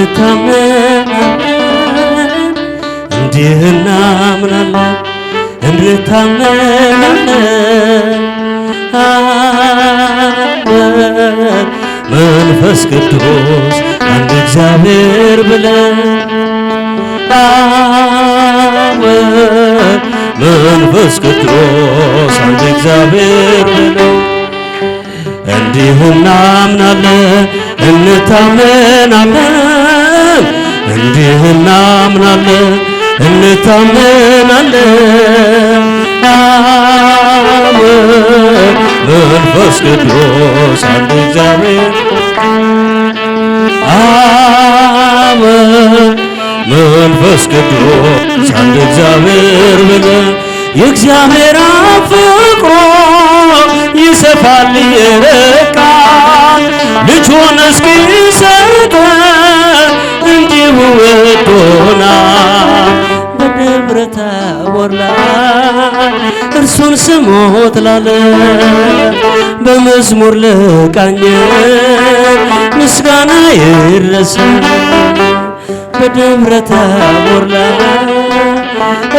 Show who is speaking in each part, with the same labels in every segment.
Speaker 1: እንታመናለን እንዲህ እናምናለን እንታመናለን መንፈስ ቅዱስ አንድ እግዚአብሔር ብለን መንፈስ ቅዱስ አንድ እግዚአብሔር ብለን እንዲህ እናምናለን እንታመናለን እንዲህ እናምናለን እንታመናለን መንፈስ ቅዱስ አንድ እግዚአብሔር አብ መንፈስ ቅዱስ አንድ እግዚአብሔር ብለ የእግዚአብሔር ፍቅሮ ይሰፋል ይረቃል ልጁን እስኪሰጠን ውዶና በደብረ ታቦር ላይ እርሱን ስሙት ላለ በመዝሙር ልቃኘ ምስጋና ይድረስ በደብረ ታቦር ላይ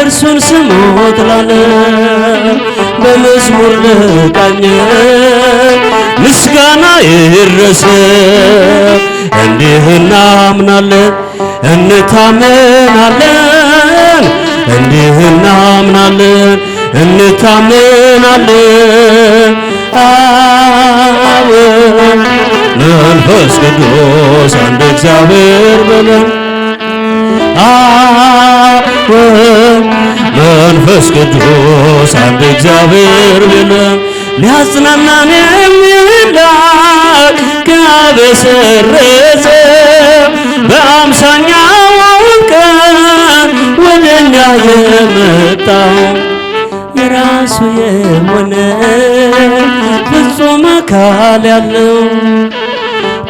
Speaker 1: እርሱን ስሙት ላለ በመዝሙር ልቃኘ ምስጋና ይድረስ እንዲህ እናምናለን እንታመናለን እንዲህ እናምናለን እንታመናለን አብ መንፈስ ቅዱስ አንድ እግዚአብሔር በለን አብ መንፈስ ቅዱስ አንድ እግዚአብሔር በለን ሊያጽናናን የሰረዘ በአምሳኛው ቀን ወደ እኛ የመጣው የራሱ የሆነ ፍጹም አካል ያለው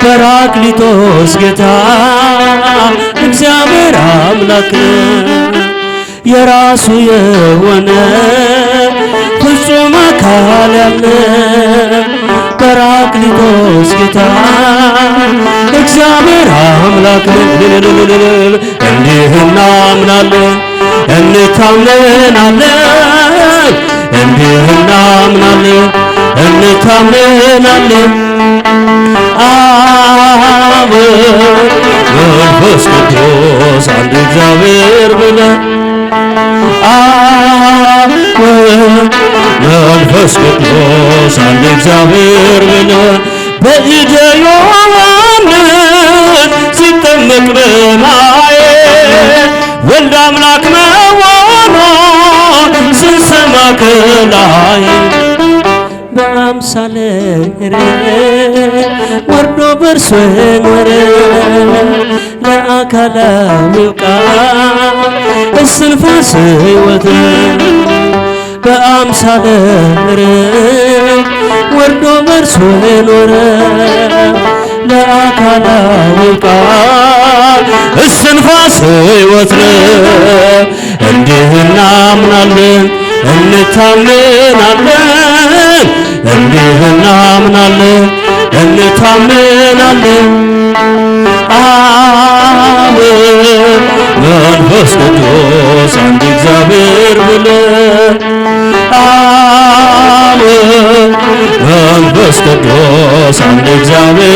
Speaker 1: ጰራቅሊጦስ ጌታ እግዚአብሔር አምላክ የራሱ የሆነ ፍጹም አካል ያለው የጰራቅሊጦስ ጌታ እግዚአብሔር አምላክ እንዲህ እናምናለን እንታምናለን እንዲህ እናምናለን እንታምናለን አብ መንፈስ ቅዱስ አንድ እግዚአብሔር ብለን መንፈስ ቅዱስ አንድ እግዚአብሔር ብለን በኢደ ዮሐንስ ሲጠመቅ በማየ ወልድ አምላክ መሆኑ ስንሰማ ከላይ በአምሳለ ወርዶ በእርሱ ኖረ ለአካላዊው ቃል እስንፋስ ሕይወት ሳልምር ወርዶ በርሶ የኖረ ለአካላዊ ቃል እስንፋስ ሕይወት ነው። እንዲህ እናምናለን እንታምናለን እንዲህ እናምናለን እንታምናለን አብ መንፈስ ቅዱስ አንድ እግዚአብሔር ብለን সঙ্গে যাবে